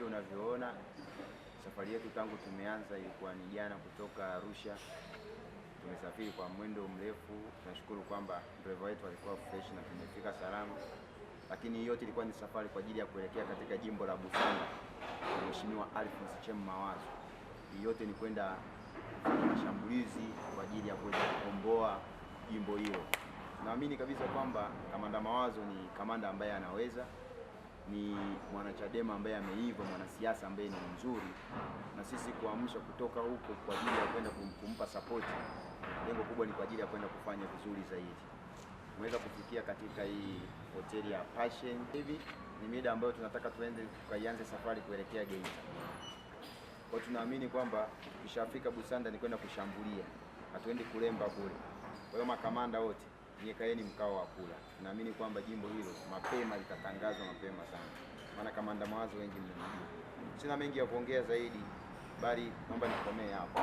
hivyo unavyoona, safari yetu tangu tumeanza ilikuwa ni jana kutoka Arusha. Tumesafiri kwa mwendo mrefu, tunashukuru kwamba dereva wetu alikuwa fresh na tumefika salama, lakini yote ilikuwa ni safari kwa ajili ya kuelekea katika jimbo la Busanda kwa Mheshimiwa Alphonce Chem Mawazo. Yote ni kwenda mashambulizi kwa ajili ya kuweza kukomboa jimbo hilo. Naamini kabisa kwamba Kamanda Mawazo ni kamanda ambaye anaweza ni mwanachadema ambaye ameiva, mwanasiasa ambaye ni mzuri, na sisi kuamsha kutoka huko kwa ajili ya kwenda kumpa sapoti, lengo kubwa ni kwa ajili ya kwenda kufanya vizuri zaidi. umeweza kufikia katika hii hoteli ya Passion. Hivi ni mida ambayo tunataka tuende tukaianze safari kuelekea Geita, kwa tunaamini kwamba tukishafika Busanda ni kwenda kushambulia, hatuendi kulemba bure. Kwa hiyo makamanda wote jekaeni mkao wa kula. Tunaamini kwamba jimbo hilo mapema litatangazwa mapema sana, maana kamanda mawazo wengi mnamjua. Sina mengi ya kuongea zaidi, bali naomba nikomee hapo.